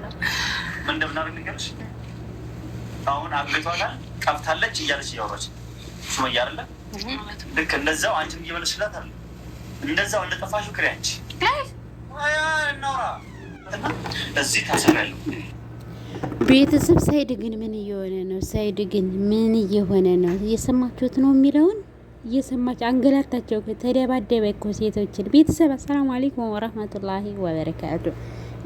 ምን እንደምናደርግ ንገርሽ። አሁን አንገቷ ጋር ቀብታለች እያለች እያወራች ሱመያ አለ። ልክ እንደዛው አንቺም እየመለስሽላት አለ። እንደዛው እንደጠፋሽው ክሪ አንቺ እዚህ ታሰሪያለሁ። ቤተሰብ ሳይድ ግን ምን እየሆነ ነው? ሳይድ ግን ምን እየሆነ ነው? እየሰማችሁት ነው የሚለውን እየሰማች አንገላታቸው። ተደባደበ እኮ ሴቶችን። ቤተሰብ አሰላሙ አለይኩም ወረህመቱላሂ ወበረካቱ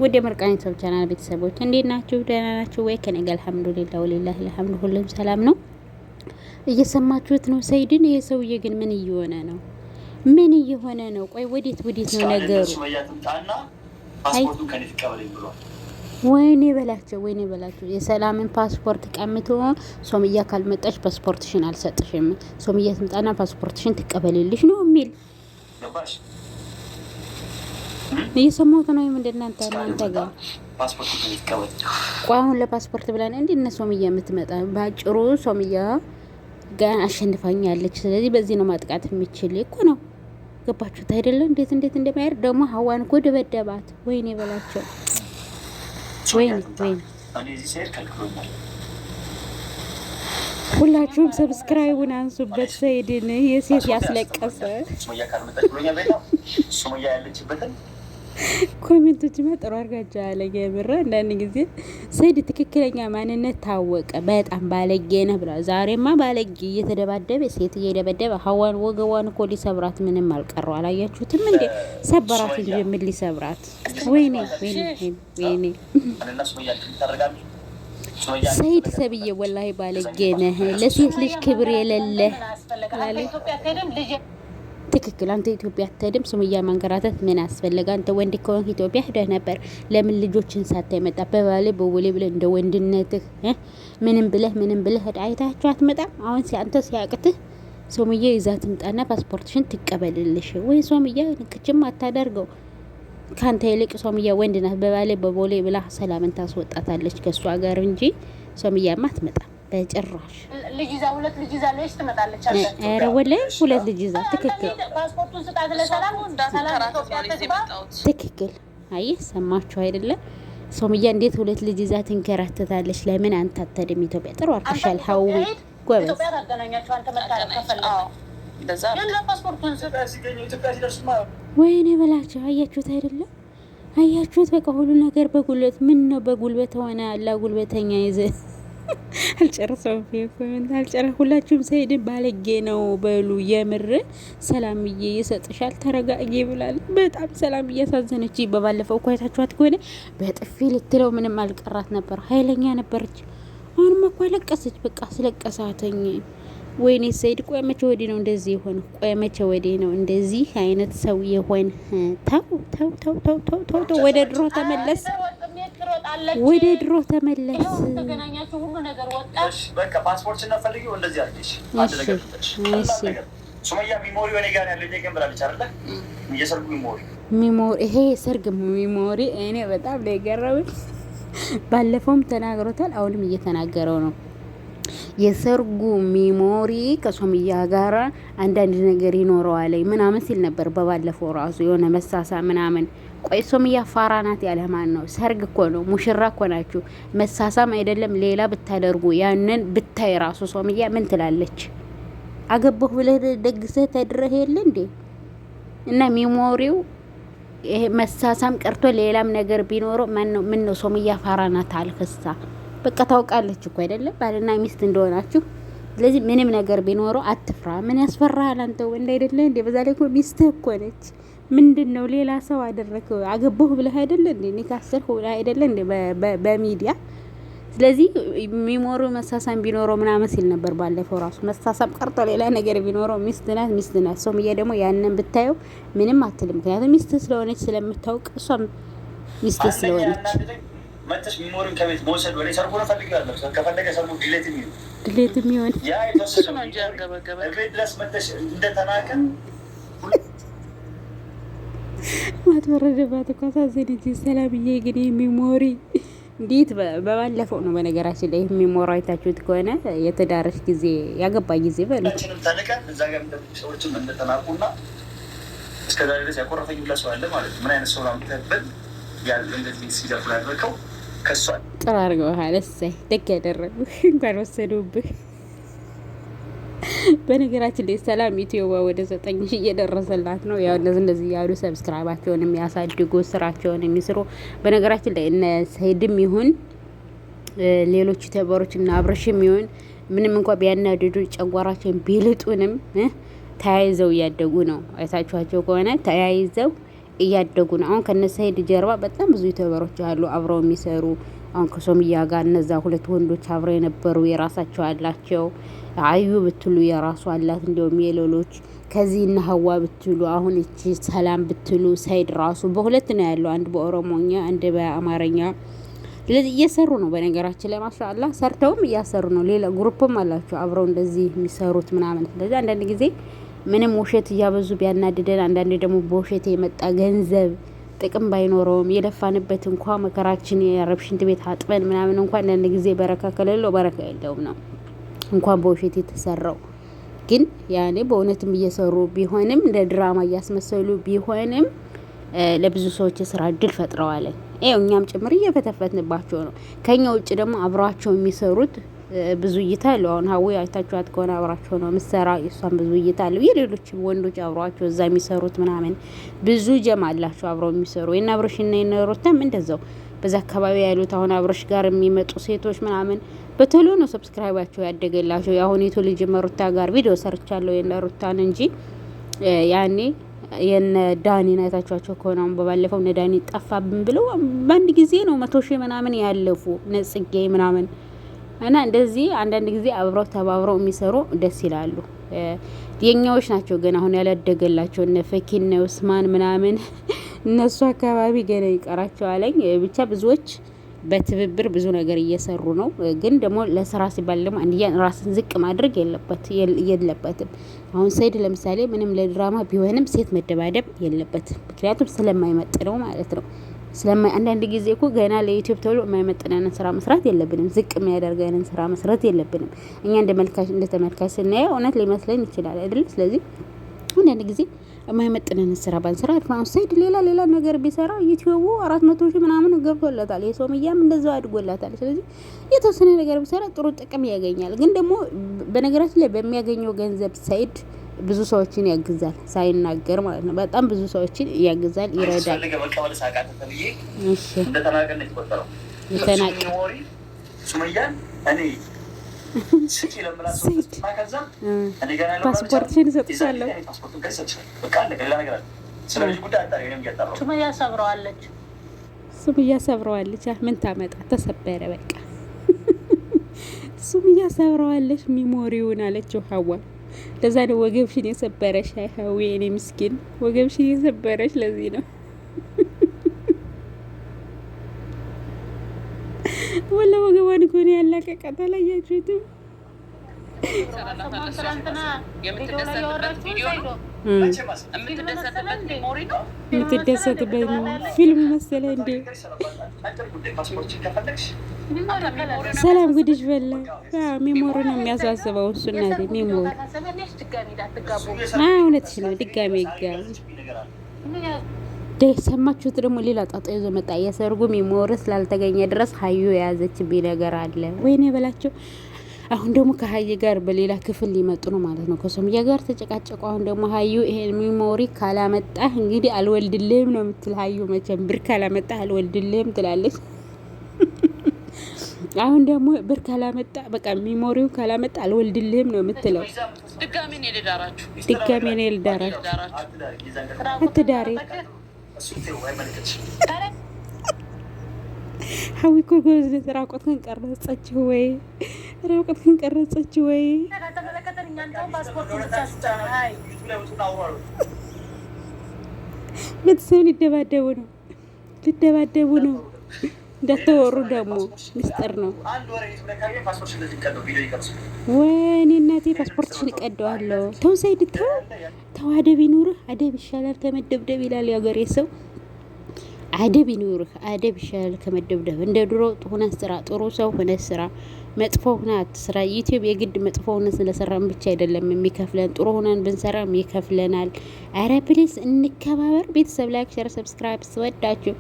ውድ የመርቃን ዩቲዩብ ቻናል ቤተሰቦች እንዴት ናችሁ? ደህና ናችሁ ወይ? ከነገ አልሐምዱሊላህ ወሊላህ አልሐምዱ ሁሉም ሰላም ነው። እየሰማችሁት ነው ሰይድን። ይሄ ሰውዬ ግን ምን እየሆነ ነው? ምን እየሆነ ነው? ቆይ ወዴት ወዴት ነው ነገሩ? ወይኔ በላቸው፣ ወይኔ በላቸው። የሰላምን ፓስፖርት ቀምቶ ሶምያ ካልመጣች ፓስፖርትሽን አልሰጥሽም፣ ሶምያ ትምጣና ፓስፖርትሽን ትቀበልልሽ ነው የሚል እየሰማሁት ነው። ወይም እንደናንተ እናንተ ጋር ቆይ አሁን ለፓስፖርት ብለን እንዴ እነ ሶምያ የምትመጣ ባጭሩ ሶምያ ጋር አሸንፋኛለች። ስለዚህ በዚህ ነው ማጥቃት የሚችል እኮ ነው። ገባችሁ አይደለ? እንዴት እንዴት እንደማያደርግ ደግሞ ሀዋን እኮ ደበደባት። ወይኔ በላቸው፣ ወይኔ ወይኔ። ሁላችሁም ሰብስክራይቡን አንሱበት። ሰይድን የሴት ያስለቀሰ ሱሙያ ያለችበትን ኮሜንቶችማ ጥሩ አድርጋቸው አለ። የምር አንዳንድ ጊዜ ሰይድ ትክክለኛ ማንነት ታወቀ። በጣም ባለጌ ነህ ብላ ዛሬማ ባለጌ እየተደባደበ ሴት እየደበደበ ሀዋን ወገቧን እኮ ሊሰብራት ምንም አልቀረው። አላያችሁትም እንዴ? ሰበራት እንጂ ምን ሊሰብራት? ወይኔ ወይኔ ሰይድ ሰብዬ ወላሂ ባለጌ ነህ፣ ለሴት ልጅ ክብር የሌለህ ትክክል። አንተ ኢትዮጵያ አትሄድም፣ ሱመያ ማንገራተት ምን አስፈለገ? አንተ ወንድ ከሆንክ ኢትዮጵያ ሄደህ ነበር። ለምን ልጆችን ሳታይ መጣ? በባሌ በወሌ ብለህ እንደ ወንድነትህ ምንም ብለህ ምንም ብለህ ሄደህ አይታችሁ አትመጣም? አሁን አንተ ሲያቅትህ ሱመያ ይዛ ትምጣና ፓስፖርትሽን ትቀበልልሽ ወይ? ሱመያ ንክችም አታደርገው ከአንተ ይልቅ ሱመያ ወንድ ናት። በባሌ በቦሌ ብላ ሰላምን ታስወጣታለች ከእሷ ጋር እንጂ ሱመያማ አትመጣም። በጭራሽ ልጅ ይዛ ሁለት ልጅ ይዛ ልጅ ትመጣለች። ኧረ ወላሂ ሁለት ልጅ ይዛ ትክክል፣ ትክክል። አይ ሰማችሁ አይደለም? ሶምያ እንዴት ሁለት ልጅ ይዛ ትንከራተታለች? ለምን አንተ አትሄድም? ኢትዮጵያ ጥሩ አርፈሻል። ሀዊ ጎበዝ ወይኔ በላቸው። አያችሁት አይደለም? አያችሁት በቃ ሁሉ ነገር በጉልበት ምን ነው በጉልበት ሆነ። አላ ጉልበተኛ ይዘህ አልጨርሰው ኮሜንት አልጨረ ሁላችሁም ሰይድ ባለጌ ነው በሉ። የምር ሰላምዬ ይሰጥሻል ተረጋጊ ብላል። በጣም ሰላም እያሳዘነች በባለፈው እኮ አይታችኋት ከሆነ በጥፊ ልትለው ምንም አልቀራት ነበር፣ ኃይለኛ ነበረች። አሁንም እኮ አለቀሰች። በቃ ስለቀሳተኝ ወይኔ ሰይድ፣ ቆይ መቼ ወዲህ ነው እንደዚህ የሆነ? ቆይ መቼ ወዲህ ነው እንደዚህ አይነት ሰው የሆን? ተው ተው ተው ተው ተው፣ ወደ ድሮ ተመለስ። ወደ ድሮ ተመለስ። ይሄ ሰርግ ሚሞሪ እኔ በጣም ነው የገረመኝ። ባለፈውም ተናግሮታል፣ አሁንም እየተናገረው ነው። የሰርጉ ሚሞሪ ከሶምያ ጋራ አንዳንድ ነገር ይኖረዋል ምናምን ሲል ነበር። በባለፈው ራሱ የሆነ መሳሳ ምናምን ቆይ ሱመያ ፋራ ናት ያለ ማን ነው? ሰርግ እኮ ነው፣ ሙሽራ እኮ ናችሁ። መሳሳም አይደለም ሌላ ብታደርጉ ያንን ብታይ ራሱ ሶምያ ምን ትላለች? አገባሁ ብለህ ደግሰህ ተድረህ የለ እንዴ? እና ሚሞሪው ይሄ መሳሳም ቀርቶ ሌላም ነገር ቢኖረው ማን ነው? ምን ነው ሱመያ ፋራ ናት አልክሳ በቃ ታውቃለች እኮ አይደለም ባልና ሚስት እንደሆናችሁ። ስለዚህ ምንም ነገር ቢኖረው አትፍራ። ምን ያስፈራሃል አንተ ወንድ አይደለ እንዴ? በዛ ላይ እኮ ሚስትህ እኮ ነች። ምንድን ነው ሌላ ሰው አደረክ አገባሁ ብለህ አይደለ እንዴ ኒካ አሰርኩ ብለህ አይደለ እንዴ በሚዲያ ስለዚህ ሚሞሩ መሳሳም ቢኖረው ምናምን ሲል ነበር ባለፈው ራሱ መሳሳም ቀርቶ ሌላ ነገር ቢኖረው ሚስት ናት ሚስት ናት ሶምዬ ደግሞ ያንን ብታየው ምንም አትልም ምክንያቱም ሚስት ስለሆነች ስለምታውቅ እሷም ሚስት ስለሆነች መጥተሽ ሚሞሪን ከቤት መውሰድ ወደ ሰርጉ ነው ፈልጊዋለሁ ከፈለገ ሰርጉ ድሌት የሚሆን ድሌት የሚሆን ያ የተወሰነ እንጂ ቤት ድረስ መጥተሽ እንደተናቀን ማትበረደባት እኮ አሳዘነች። ሰላምዬ ግን ሚሞሪ እንዴት በባለፈው ነው በነገራችን ላይ የሚሞራ አይታችሁት ከሆነ የተዳረሽ ጊዜ ያገባ ጊዜ በለች ሰዎችም እንደተናቁና ድረስ ያቆረፈኝ ማለት ምን አይነት ሰው እንደዚህ ከሷል ጥራ አድርገውሃል። እሰይ ደግ ያደረጉ እንኳን ወሰዱብህ። በነገራችን ላይ ሰላም ኢትዮባ ወደ ዘጠኝ እየደረሰላት ነው። ያው እነዚህ እንደዚህ እያሉ ሰብስክራይባቸውን የሚያሳድጉ ስራቸውን የሚስሩ በነገራችን ላይ እነ ሰይድም ይሁን ሌሎች ዩቲዩበሮች እና አብረሽም ይሁን ምንም እንኳ ቢያናድዱ ጨጓራቸውን ቢልጡንም ተያይዘው እያደጉ ነው። አይታችኋቸው ከሆነ ተያይዘው እያደጉ ነው። አሁን ከነ ሰይድ ጀርባ በጣም ብዙ ተበሮች አሉ አብረው የሚሰሩ ከሶምያ ጋር እነዛ ሁለት ወንዶች አብረው የነበሩ የራሳቸው አላቸው። አዩ ብትሉ የራሱ አላት። እንዲሁም የሌሎች ከዚህ እና ሀዋ ብትሉ አሁን እቺ ሰላም ብትሉ ሰይድ ራሱ በሁለት ነው ያለው፣ አንድ በኦሮሞኛ አንድ በአማርኛ። ስለዚህ እየሰሩ ነው። በነገራችን ላይ ማሻአላ ሰርተውም እያሰሩ ነው። ሌላ ግሩፕም አላቸው አብረው እንደዚህ የሚሰሩት ምናምን። ስለዚህ አንዳንድ ጊዜ ምንም ውሸት እያበዙ ቢያናድደን፣ አንዳንድ ደግሞ በውሸት የመጣ ገንዘብ ጥቅም ባይኖረውም የለፋንበት እንኳ መከራችን የረብ ሽንት ቤት አጥበን ምናምን እንኳ አንዳንድ ጊዜ በረካ ከሌለው በረካ የለውም ነው እንኳን በውሸት የተሰራው። ግን ያኔ በእውነትም እየሰሩ ቢሆንም እንደ ድራማ እያስመሰሉ ቢሆንም ለብዙ ሰዎች የስራ እድል ፈጥረዋለን። ይኸው እኛም ጭምር እየፈተፈትንባቸው ነው። ከኛ ውጭ ደግሞ አብሯቸው የሚሰሩት ብዙ እይታ አለው። አሁን ሀዊ አይታችኋት ከሆነ አብራቸው ነው ምሰራ የእሷን ብዙ እይታ አለው። የሌሎች ወንዶች አብሯቸው እዛ የሚሰሩት ምናምን ብዙ ጀማ አላቸው አብረው የሚሰሩ የና አብሮሽና የነሮተም እንደዛው በዛ አካባቢ ያሉት አሁን አብረሽ ጋር የሚመጡ ሴቶች ምናምን በቶሎ ነው ሰብስክራይባቸው ያደገላቸው። የአሁን የቶ ልጅ መሩታ ጋር ቪዲዮ ሰርቻለሁ ሩታን እንጂ ያኔ የነ ዳኒ አይታችኋቸው ከሆነ በባለፈው እነ ዳኒ ጠፋብን ብለው በአንድ ጊዜ ነው መቶ ሺህ ምናምን ያለፉ ነጽጌ ምናምን እና እንደዚህ አንዳንድ ጊዜ አብረው ተባብረው የሚሰሩ ደስ ይላሉ። የኛዎች ናቸው ግን አሁን ያላደገላቸው እነ ፈኪ እነ ውስማን ምናምን እነሱ አካባቢ ገና ይቀራቸዋለኝ። ብቻ ብዙዎች በትብብር ብዙ ነገር እየሰሩ ነው። ግን ደግሞ ለስራ ሲባል ደግሞ አንድያ ራስን ዝቅ ማድረግ የለበትም። አሁን ሰይድ ለምሳሌ ምንም ለድራማ ቢሆንም ሴት መደባደብ የለበትም፣ ምክንያቱም ስለማይመጥ ነው ማለት ነው። ስለማይ አንዳንድ ጊዜ እኮ ገና ለዩቲዩብ ተብሎ የማይመጥነንን ስራ መስራት የለብንም። ዝቅ የሚያደርገንን ስራ መስራት የለብንም። እኛ እንደ መልካች እንደ ተመልካች ስናየው እውነት ሊመስለን ይችላል አይደል? ስለዚህ አንዳንድ ጊዜ የማይመጥነንን ስራ ባንስራ አድፋን ሳይድ ሌላ ሌላ ነገር ቢሰራ ዩቲዩቡ አራት መቶ ሺህ ምናምን ገብቶለታል። የሶምያም እንደዛው አድጎላታል። ስለዚህ የተወሰነ ነገር ቢሰራ ጥሩ ጥቅም ያገኛል። ግን ደግሞ በነገራችን ላይ በሚያገኘው ገንዘብ ሳይድ ብዙ ሰዎችን ያግዛል፣ ሳይናገር ማለት ነው። በጣም ብዙ ሰዎችን ያግዛል፣ ይረዳል። ፓስፖርትሽን እሰጥሻለሁ። ሱመያ ሰብረዋለች፣ ሱመያ ሰብረዋለች። ምን ታመጣ? ተሰበረ በቃ ሱመያ ሰብረዋለች ሚሞሪውን አለችው ሀዋ ለዛ ነው ወገብሽን የሰበረሽ። አይሀዊ እኔ ምስኪን ወገብሽን የሰበረሽ ለዚህ ነው ወላ ወገቧን እኮ ነው ያላቀቃት። አላያችሁትም? የምትደሰትበት ነው። ፊልም መሰለ እንዴ! ሰላም ጉድሽ በላ። ሜሞሪ ነው የሚያሳስበው እሱ። እናቴ ሜሞሪ እውነትሽ ነው። ድጋሚ ይጋቡ። ሰማችሁት? ደግሞ ሌላ ጣጣ ይዞ መጣ። የሰርጉ ሜሞሪ ስላልተገኘ ድረስ ሀዩ የያዘችብኝ ነገር አለ። ወይኔ በላቸው አሁን ደግሞ ከሀይ ጋር በሌላ ክፍል ሊመጡ ነው ማለት ነው። ከሶምያ ጋር ተጨቃጨቁ። አሁን ደግሞ ሀዩ ይሄን ሚሞሪ ካላመጣህ እንግዲህ አልወልድልህም ነው የምትል ሀዩ። መቼም ብር ካላመጣህ አልወልድልህም ትላለች። አሁን ደግሞ ብር ካላመጣ በቃ ሚሞሪው ካላመጣ አልወልድልህም ነው የምትለው። ድጋሜ ነው የልዳራችሁ፣ ድጋሜ ነው የልዳራችሁ አትዳሬ ሀዊ እኮ ጎበዝ ናት። ራቆትህን ቀረጸችህ ወይ? ራቆትህን ቀረጸችህ ወይ? ቤተሰብ ሊደባደቡ ነው፣ ሊደባደቡ ነው። እንዳተወሩ ደግሞ ምስጢር ነው። ወይኔ እናቴ ፓስፖርትሽን እቀደዋለሁ። ተው ሰይድ ተው ተው፣ አደብ ይኑርህ፣ አደብ ይሻላል ከመደብደብ ይላል የሀገሬ ሰው። አደብ ይኑርህ፣ አደብ ይሻል ከመደብደብ። እንደ ድሮ ሆነ ስራ፣ ጥሩ ሰው ሆነ ስራ፣ መጥፎ ሆነህ አትስራ። ዩቲዩብ የግድ መጥፎ ሆነ ስለሰራን ብቻ አይደለም የሚከፍለን፣ ጥሩ ሆነን ብንሰራም ይከፍለናል። አረ ፕሊስ እንከባበር። ቤተሰብ ላይክ፣ ሸር፣ ሰብስክራይብ ስወዳችሁ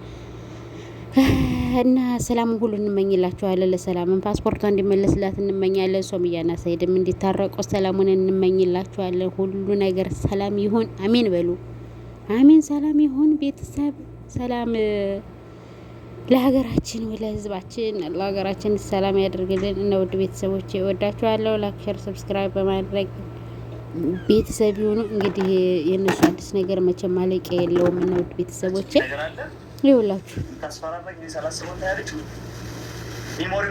እና ሰላም ሁሉ እንመኝላችኋለን። ለሰላምን ፓስፖርቷ እንዲመለስላት እንመኛለን። ሶምያና ሰይድም እንዲታረቁ ሰላሙን እንመኝላችኋለን። ሁሉ ነገር ሰላም ይሁን። አሜን በሉ። አሜን፣ ሰላም ይሁን ቤተሰብ ሰላም ለሀገራችን ወይ ለህዝባችን ለሀገራችን ሰላም ያደርግልን። እነ ውድ ቤተሰቦች ወዳችኋለሁ። ላይክ፣ ሼር፣ ሰብስክራይብ በማድረግ ቤተሰብ ይሁኑ። እንግዲህ የእነሱ አዲስ ነገር መቼም ማለቂያ የለውም። እነ ውድ ቤተሰቦች ይውላችሁ ሚሞሪውን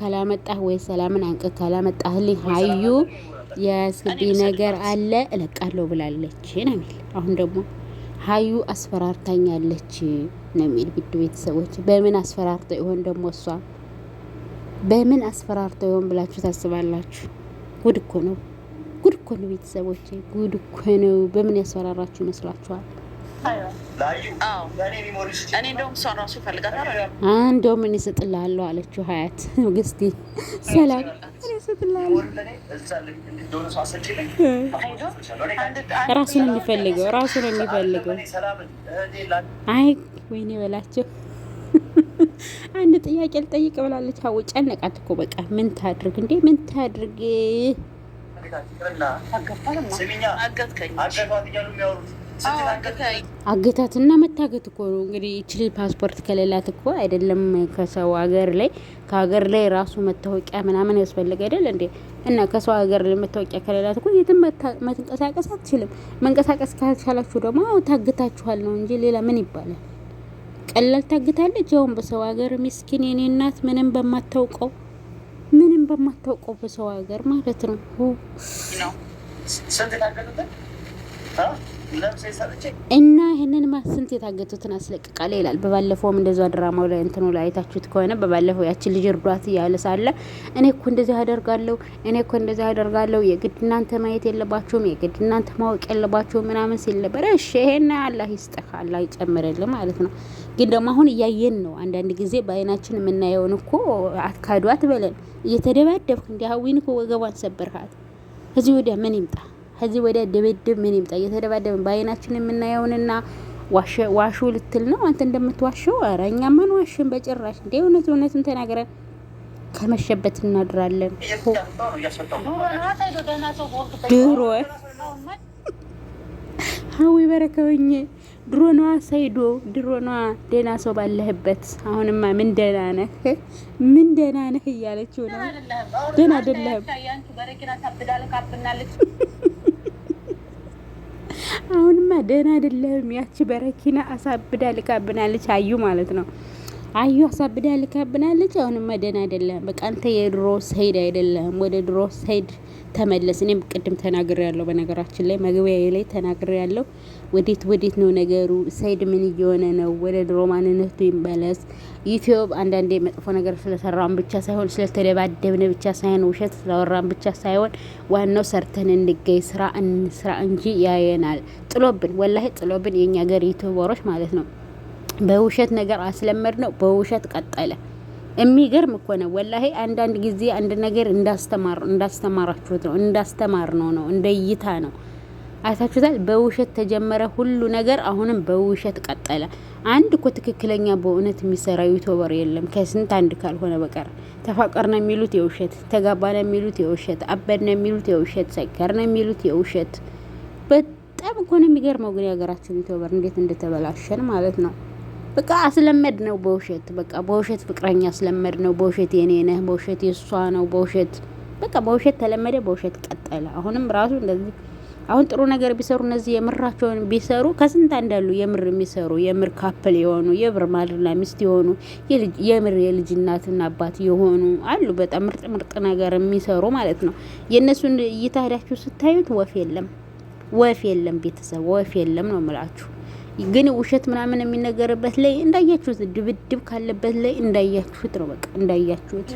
ካላመጣህ ወይ ሰላምን አንቀ ካላመጣህልኝ ሀዩ የያዝብኝ ነገር አለ እለቃለሁ ብላለች ነው የሚል። አሁን ደግሞ ሀዩ አስፈራርታኛለች ነው የሚል። ብድ ቤተሰቦች በምን አስፈራርተ ይሆን ደግሞ እሷ በምን አስፈራርተ ይሆን ብላችሁ ታስባላችሁ? ጉድ እኮ ነው፣ ጉድ እኮ ነው ቤተሰቦች፣ ጉድ እኮ ነው። በምን ያስፈራራችሁ ይመስላችኋል? እንደውም እኔ እሰጥልሃለሁ አለችው ሀያት ግስቲ ሰላም ራሱን የሚፈልገው ነው የሚፈልገው አይ ወይኔ በላቸው አንድ ጥያቄ ልጠይቅ ብላለች ሀው ጨነቃት እኮ በቃ ምን ታድርግ እንዴ ምን ታድርግ አገታትና መታገት እኮ ነው እንግዲህ። ይችል ፓስፖርት ከሌላት እኮ አይደለም ከሰው ሀገር ላይ ከሀገር ላይ ራሱ መታወቂያ ምናምን ያስፈልግ አይደል እንዴ? እና ከሰው ሀገር ላይ መታወቂያ ከሌላት እኮ የትም መንቀሳቀስ አትችልም። መንቀሳቀስ ካልቻላችሁ ደግሞ ታግታችኋል ነው እንጂ ሌላ ምን ይባላል? ቀላል ታግታለች። ያውም በሰው ሀገር ምስኪን የኔ እናት ምንም በማታውቀው ምንም በማታውቀው በሰው ሀገር ማለት ነው። እና ይህንን ማስንት የታገቱትን አስለቅቃለ ይላል። በባለፈውም እንደዛ ድራማው ላይ እንትኑ ላይ አይታችሁት ከሆነ በባለፈው ያችን ልጅ እርዷት እያለ ሳለ እኔ እኮ እንደዚህ አደርጋለሁ፣ እኔ እኮ እንደዚህ አደርጋለሁ፣ የግድ እናንተ ማየት የለባችሁም፣ የግድ እናንተ ማወቅ የለባችሁም ምናምን ሲል ነበረ። እሺ ይሄን አላህ ይስጠህ፣ አላህ ይጨምርልህ ማለት ነው። ግን ደግሞ አሁን እያየን ነው። አንዳንድ ጊዜ በአይናችን የምናየውን እኮ አትካዷት በለን። እየተደባደብክ እንዲህ ሀዊን እኮ ወገቧን ሰበርካት። እዚህ ወዲያ ምን ይምጣ? ከዚህ ወዲያ ድብድብ ምን ይምጣ? እየተደባደብን በአይናችን የምናየውንና ዋሹ ልትል ነው አንተ እንደምትዋሸው። ኧረ እኛማ ዋሽን በጭራሽ። እንደ እውነት እውነትን ተናግረን ከመሸበት እናድራለን። ድሮ ሀዊ በረከውኝ ድሮ ነዋ ሰይዶ ድሮ ነዋ ደህና ሰው ባለህበት። አሁንማ ምን ደህና ነህ ምን ደህና ነህ እያለችው ነው። ደህና አይደለህም አሁንማ ደህና አይደለም። ያቺ በረኪና አሳብዳ ልካብናለች፣ አዩ ማለት ነው። አዩ አሳብዳ ልካብናለች። አሁንማ ደህና አይደለም። በቃ አንተ የድሮ ሰይድ አይደለም፣ ወደ ድሮ ሰይድ ተመለስ። እኔም ቅድም ተናግሬ ያለው በነገራችን ላይ መግቢያ ላይ ተናግሬ ያለው ወዴት ወዴት ነው ነገሩ? ሰይድ ምን እየሆነ ነው? ወደ ድሮ ማንነቱ ይመለስ። ዩቲዩብ አንዳንዴ መጥፎ ነገር ስለሰራን ብቻ ሳይሆን ስለተደባደብን ብቻ ሳይሆን ውሸት ስለወራን ብቻ ሳይሆን ዋናው ሰርተን እንገኝ ስራ እንስራ እንጂ ያየናል። ጥሎብን፣ ወላሂ ጥሎብን፣ የእኛ ሀገር ዩቲዩበሮች ማለት ነው። በውሸት ነገር አስለመድ ነው፣ በውሸት ቀጠለ። የሚገርም እኮ ነው ወላሂ። አንዳንድ ጊዜ አንድ ነገር እንዳስተማር እንዳስተማራችሁት ነው እንዳስተማር ነው ነው እንደ እይታ ነው አይታችሁታል። በውሸት ተጀመረ ሁሉ ነገር፣ አሁንም በውሸት ቀጠለ። አንድ እኮ ትክክለኛ በእውነት የሚሰራ ዩቱበር የለም ከስንት አንድ ካልሆነ በቀር። ተፋቀር ነው የሚሉት የውሸት፣ ተጋባ ነው የሚሉት የውሸት፣ አበድ ነው የሚሉት የውሸት፣ ሰከር ነው የሚሉት የውሸት። በጣም እኮ ነው የሚገርመው። ግን የሀገራችን ዩቱበር እንዴት እንደተበላሸን ማለት ነው። በቃ አስለመድ ነው በውሸት በቃ በውሸት ፍቅረኛ አስለመድ ነው በውሸት የኔ ነህ በውሸት የእሷ ነው በውሸት በቃ በውሸት ተለመደ በውሸት ቀጠለ። አሁንም ራሱ እንደዚህ አሁን ጥሩ ነገር ቢሰሩ እነዚህ የምራቸውን ቢሰሩ ከስንት እንዳሉ የምር የሚሰሩ የምር ካፕል የሆኑ የብር ባልና ሚስት የሆኑ የምር የልጅ እናትና አባት የሆኑ አሉ። በጣም ምርጥ ምርጥ ነገር የሚሰሩ ማለት ነው። የእነሱን እይታዳችሁ ስታዩት ወፍ የለም ወፍ የለም፣ ቤተሰብ ወፍ የለም ነው ምላችሁ ግን ውሸት ምናምን የሚነገርበት ላይ እንዳያችሁት ድብድብ ካለበት ላይ እንዳያችሁት ነው። በቃ እንዳያችሁት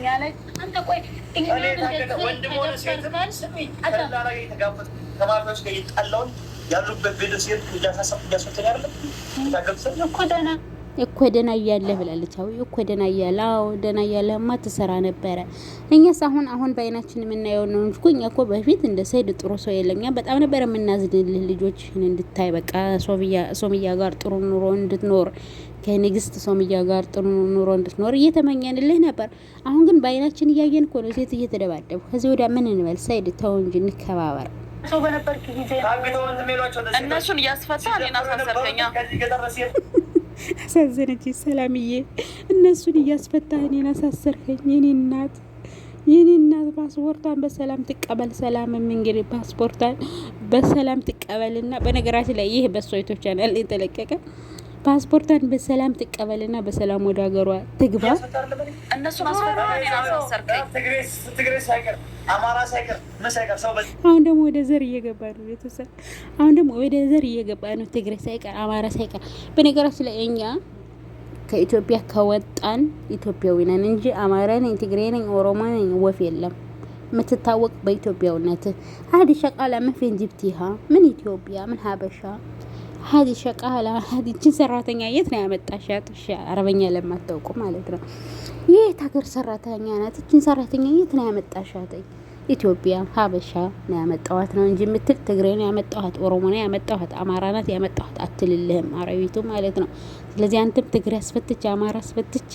ተማሪዎች ጋር የጣላውን ያሉበት ቤተሰብ እያሳሰብ እያስወተን ያለ ታገብሰ እኮ ደህና እኮ ደህና እያለህ ብላለች። አዎ እኮ ደህና እያለህ አዎ ደህና እያለህማ ትሰራ ነበረ። እኛስ አሁን አሁን በአይናችን የምናየው ነው እንጂ እኛ እኮ በፊት እንደ ሰይድ ጥሩ ሰው የለም። በጣም ነበረ የምናዝድልህ ልጆች እንድታይ በቃ ሶምያ ጋር ጥሩ ኑሮ እንድትኖር ከንግስት ሶምያ ጋር ጥሩ ኑሮ እንድትኖር እየተመኘንልህ ነበር። አሁን ግን በአይናችን እያየን እኮ ነው ሴት እየተደባደቡ። ከዚህ ወዲያ ምን እንበል? ሰይድ ተው እንጂ እንከባበር። ሰው በነበርክ ጊዜ እነሱን እያስፈታ እኔን አሳሰርከኛ። አሳዘነች ሰላምዬ። እነሱን እያስፈታ እኔን አሳሰርከኝ። የኔ እናት የኔ እናት ፓስፖርቷን በሰላም ትቀበል። ሰላምም እንግዲህ ፓስፖርቷን በሰላም ትቀበልና በነገራችን ላይ ይህ በሶይቶች ቻናል የተለቀቀ ፓስፖርቷን በሰላም ትቀበልና በሰላም ወደ ሀገሯ ትግባ። አሁን ደግሞ ወደ ዘር እየገባ ነው። ቤተሰብ አሁን ደግሞ ወደ ዘር እየገባ ነው። ትግሬ ሳይቀር አማራ ሳይቀር። በነገራችን ላይ እኛ ከኢትዮጵያ ከወጣን ኢትዮጵያዊ ነን እንጂ አማራ ነኝ፣ ትግሬ ነኝ፣ ኦሮሞ ነኝ ወፍ የለም። የምትታወቅ በኢትዮጵያዊነት አዲሻ ቃላ ምን ፌንጅብቲሃ ምን ኢትዮጵያ ምን ሀበሻ ሀዲ ሸቃላ ሀዲችን ሰራተኛ የት ነው ያመጣሻት? አረበኛ ለማታውቁ ማለት ነው። የት ሀገር ሰራተኛ ናት? እችን ሰራተኛ የት ነው ያመጣሻት? ኢትዮጵያ ሀበሻ ነው ያመጣኋት ነው እንጂ የምትል ትግሬ ነው ያመጣኋት፣ ኦሮሞ ነው ያመጣኋት፣ አማራ ናት ያመጣኋት አትልልህም አረቢቱ ማለት ነው። ስለዚህ አንተም ትግሬ አስፈትቼ አማራ አስፈትቼ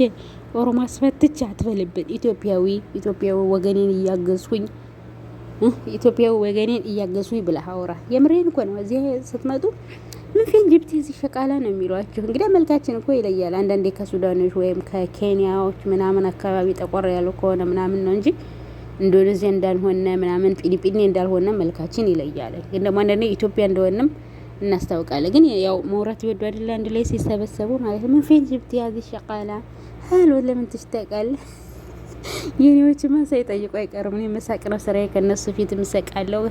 ኦሮሞ አስፈትቼ አትበልብን። ኢትዮጵያዊ ኢትዮጵያዊ ወገኔን እያገዝኩኝ ኢትዮጵያዊ ወገኔን እያገዝኩኝ ብለህ አውራ። የምሬን እኮ ነው። እዚህ ስትመጡ ምን ፊን ጅብቲ እዚህ ሸቃላ ነው የሚሏቸው። እንግዲህ መልካችን እኮ ይለያል። አንዳንዴ ከሱዳኖች ወይም ከኬንያዎች ምናምን አካባቢ ጠቆር ያሉ ከሆነ ምናምን ነው እንጂ እንደዚህ እንዳልሆነ ምናምን ፊሊፒን እንዳልሆነ መልካችን ይለያል። ግን ደግሞ አንዳንዴ ኢትዮጵያ እንደሆንም እናስታውቃለን። ግን ያው መውራት ይወዱ አይደለ? አንድ ላይ ሲሰበሰቡ ማለት ነው። ምን ፊን ጅብቲ እዚህ ሸቃላ ሀሎ ለምን ትሽተቃል የኔዎች የኔዎችማ ሳይጠይቁ አይቀርም። እኔ መሳቅ ነው ስራዬ። ከነሱ ፊት ምሰቃለው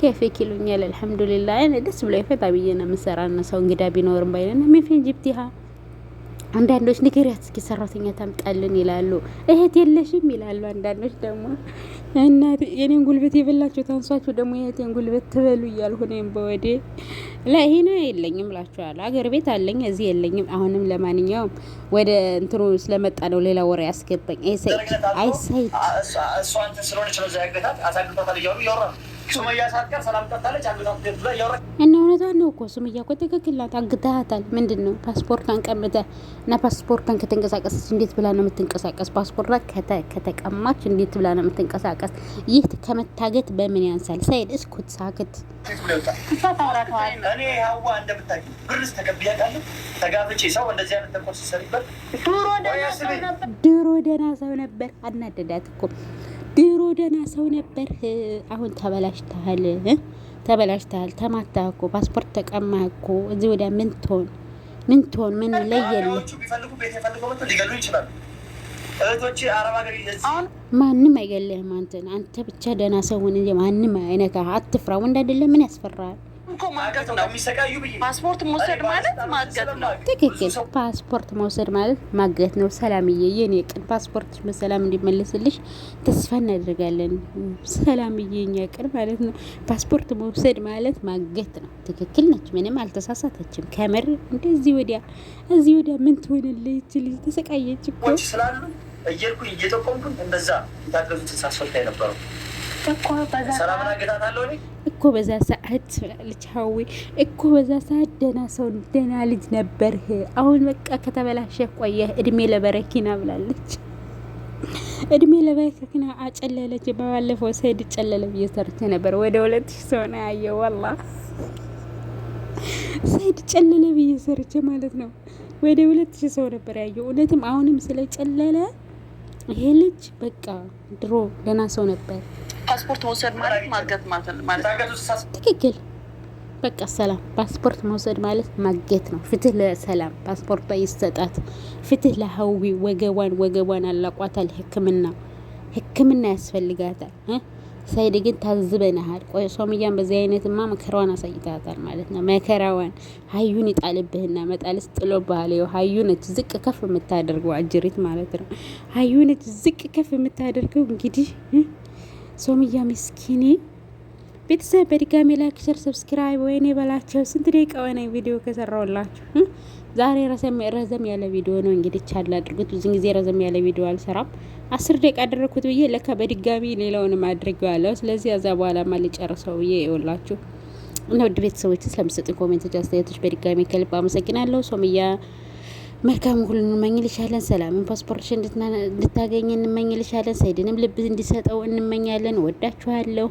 ኬፍ ኪሉኛል። አልሐምዱሊላ ደስ ብሎ ይፈታ ብዬ ነው የምሰራ። ሰው እንግዳ ቢኖርም ባይነ ሚፊን ጅብቲሃ አንዳንዶች ንገሪያት እስኪ ሰራተኛ ታምጣልን ይላሉ። እህት የለሽም ይላሉ አንዳንዶች ደግሞ እናቴ የኔን ጉልበት የበላችሁ ታንሷችሁ ደግሞ የኔን ጉልበት ትበሉ እያልሁ እኔም በወዴ ላይ ይሄ ነው የለኝም እላችኋለሁ። አገር ቤት አለኝ እዚህ የለኝም። አሁንም ለማንኛውም ወደ እንትኑ ስለመጣ ነው ሌላ ወሬ ያስገባኝ። አይ ሰይድ አይ ሰይድ እና እውነቷን ነው እኮ ሱመያ እኮ ትክክል ናት። አግተሃታል። ምንድን ነው ፓስፖርቷን ቀምተህ እና ፓስፖርቷን ከተንቀሳቀሰች እንዴት ብላ ነው የምትንቀሳቀስ? ፓስፖርቷ ከተቀማች እንዴት ብላ ነው የምትንቀሳቀስ? ይህ ከመታገት በምን ያንሳል? ሳይድ እስኩት ሳክት ድሮ ደህና ሰው ነበር። አናደዳት እኮ ድሮ ደህና ሰው ነበር፣ አሁን ተበላሽተሃል። ተበላሽተሃል፣ ተማታህ እኮ ፓስፖርት ተቀማህ እኮ እዚህ ወዲያ ምን ትሆን ምን ትሆን ምን ለየልህ። ማንም አይገልህም። አንተን አንተ ብቻ ደህና ሰውን እንጂ ማንም አይነካ፣ አትፍራ፣ ወንድ አይደለም ምን ያስፈራል? ፓስፖርት መውሰድ ማለት ማገት ነው። ትክክል። ፓስፖርት መውሰድ ማለት ማገት ነው። ሰላምዬ የኔ ቅን ፓስፖርት በሰላም እንዲመለስልሽ ተስፋ እናደርጋለን። ሰላምዬ የኛ ቅን ማለት ነው። ፓስፖርት መውሰድ ማለት ማገት ነው። ትክክል ነች። ምንም አልተሳሳተችም። ከምር እንደዚህ ወዲያ እዚህ ወዲያ ምን ትሆንልች ልጅ ተሰቃየች እኮ ስላሉ እየልኩኝ እየጠቆምኩኝ እንደዛ የታገዙትን ሳስፈልታ የነበረው እኮ በዛ ሰዓት ትላለች ሀዊ እኮ በዛ ሰዓት ደና ሰው ደና ልጅ ነበር። አሁን በቃ ከተበላሸ ቆየህ። እድሜ ለበረኪና ብላለች። እድሜ ለበረኪና አጨለለች። በባለፈው ሰይድ ጨለለ ብዬ ነበር። ወደ ሁለት ሺ ሰው ነው ያየው። ወላ ሰይድ ጨለለ ብዬ ማለት ነው። ወደ ሁለት ሺ ሰው ነበር ያየው። እውነትም አሁንም ስለ ጨለለ ይሄ ልጅ በቃ ድሮ ደህና ሰው ነበር። ፓስፖርት መውሰድ ማለት ማገት ማለት ትክክል። በቃ ሰላም ፓስፖርት መውሰድ ማለት ማገት ነው። ፍትህ ለሰላም ፓስፖርቷ ይሰጣት። ፍትህ ለሀዊ ወገቧን ወገቧን አላቋታል። ህክምና ህክምና ያስፈልጋታል። ሰይድ ግን ታዝበናሃል። ቆይ ሶምያን በዚህ አይነትማ መከራዋን አሳይታታል ማለት ነው። መከራዋን ሀዩን ይጣልብህና መጣልስ ባህል ይኸው ሀዩ ነች ዝቅ ከፍ የምታደርገው አጅሪት ማለት ነው። ሀዩ ነች ዝቅ ከፍ የምታደርገው እንግዲህ ሶምያ ምስኪኔ ቤተሰብ በድጋሚ ላይክ፣ ሸር፣ ሰብስክራይብ ወይኔ በላቸው። ስንት ደቂቃ ሆነ ቪዲዮ ከሰራውላችሁ? ዛሬ ረዘም ያለ ቪዲዮ ነው እንግዲህ ቻል አድርጉት። ጊዜ ረዘም ያለ ቪዲዮ አልሰራም። አስር ደቂቃ ያደረግኩት ብዬ ለካ በድጋሚ ሌላውንም አድርጌዋለሁ። ስለዚህ ያዛ በኋላ ማ ልጨርሰው ብዬ ይውላችሁ እና ውድ ቤተሰቦች ስለምሰጡኝ ኮሜንቶች፣ አስተያየቶች በድጋሚ ከልብ አመሰግናለሁ። ሶምያ መልካም ሁሉ እንመኝልሻለን። ሰላምን ፓስፖርትሽ እንድታገኝ እንመኝልሻለን። ሰይድንም ልብ እንዲሰጠው እንመኛለን። ወዳችኋለሁ።